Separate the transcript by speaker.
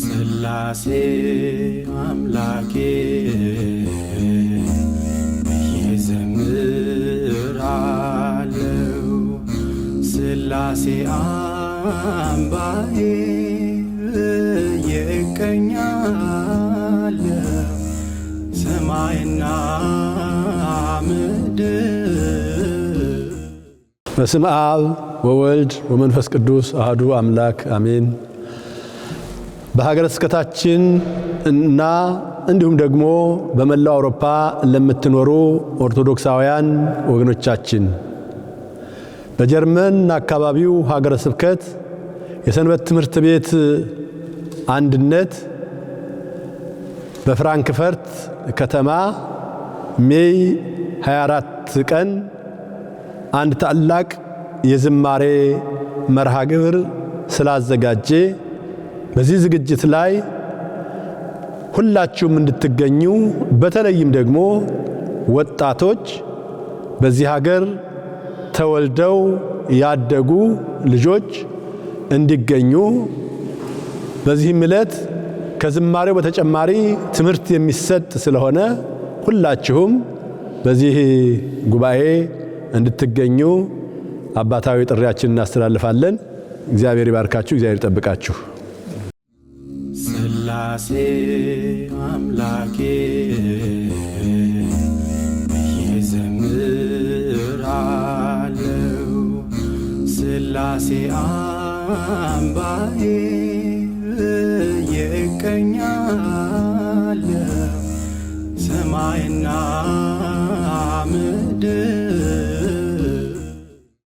Speaker 1: ስላሴ አምላኬ እየዘምራለው ስላሴ አምባዬ የእቀኛለው ሰማይና ምድር በስም አብ ወወልድ ወመንፈስ ቅዱስ አህዱ አምላክ አሜን። በሀገረ ስብከታችን እና እንዲሁም ደግሞ በመላው አውሮፓ ለምትኖሩ ኦርቶዶክሳውያን ወገኖቻችን በጀርመን አካባቢው ሀገረ ስብከት የሰንበት ትምህርት ቤት አንድነት በፍራንክፈርት ከተማ ሜይ 24 ቀን አንድ ታላቅ የዝማሬ መርሃ ግብር ስላዘጋጀ በዚህ ዝግጅት ላይ ሁላችሁም እንድትገኙ በተለይም ደግሞ ወጣቶች በዚህ ሀገር ተወልደው ያደጉ ልጆች እንዲገኙ በዚህም ዕለት ከዝማሬው በተጨማሪ ትምህርት የሚሰጥ ስለሆነ ሁላችሁም በዚህ ጉባኤ እንድትገኙ አባታዊ ጥሪያችን እናስተላልፋለን። እግዚአብሔር ይባርካችሁ። እግዚአብሔር ይጠብቃችሁ። ሥላሴ አምላኬ እየዘምራለው ሥላሴ አምባዬ የእቀኛ